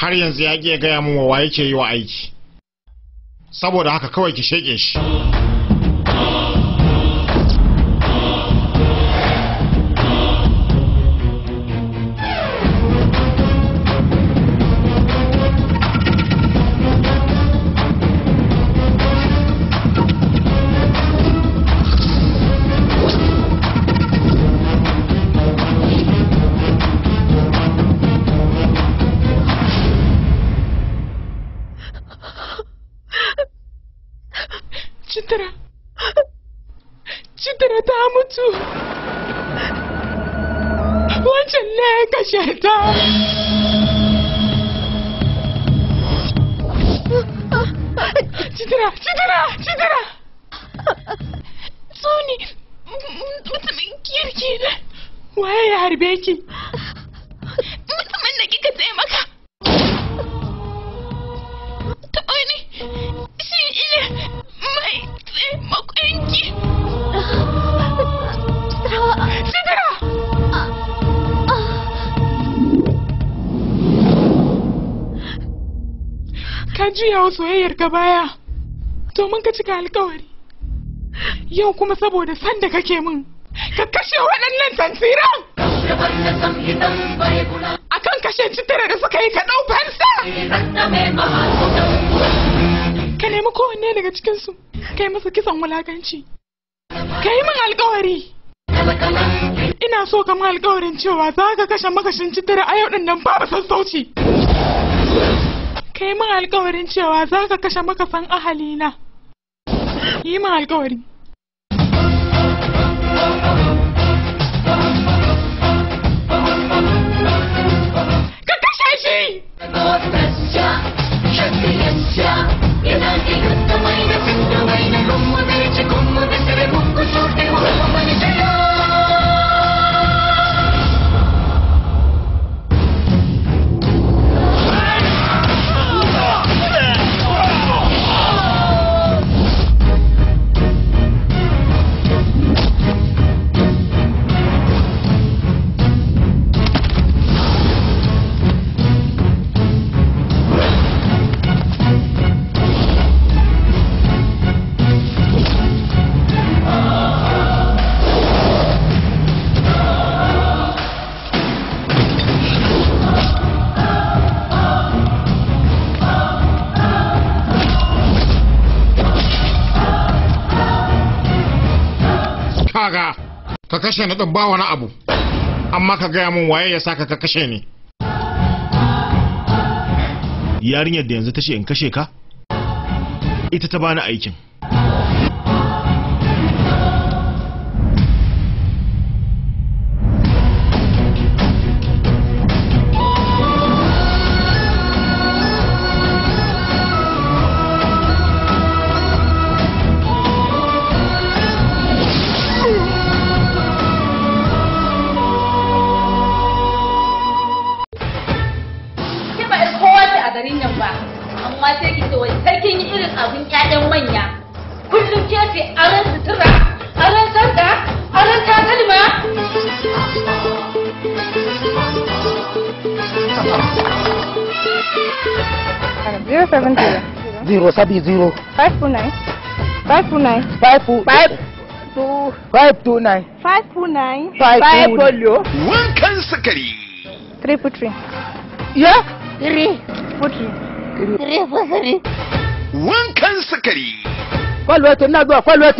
har yanzu ya gaya min wa yake yi wa aiki saboda haka kawai ki sheke shi جدرة أموت وجلاك شهداء جدرة جدرة جدرة صوني متمكين كده وهي عربيكي ka juya wa soyayyar ka baya domin ka cika alkawari yau kuma saboda san da kake min ka kashe waɗannan tansiran kan kashe cutar da suka yi ka ɗau fansa ka nemi kowanne daga cikinsu ka yi masa kisan wulakanci ka yi min alkawari ina so ka mun alkawarin cewa za ka kashe makashin cutar a yau ɗin nan babu sassauci Kai min alkawarin cewa za ka kashe makafan ahalina. Yi min alkawari. kaga ka kashe na ɗin ba wani abu amma ka gaya min waye ya saka ka kashe ni yarinyar da yanzu ta ce in kashe ka ita ta bani aikin garin nan ba amma sai ki wai sarkin irin abun ƴaƴan manya kullum ke ce aran sutura aran sarka aran takalma Zero seven zero. Zero sabi zero. Five two nine. Five two nine. Five two. Wankan sakari. Three put three. Yeah. Wankan sukari. Kwalwete, zuwa kwalwete.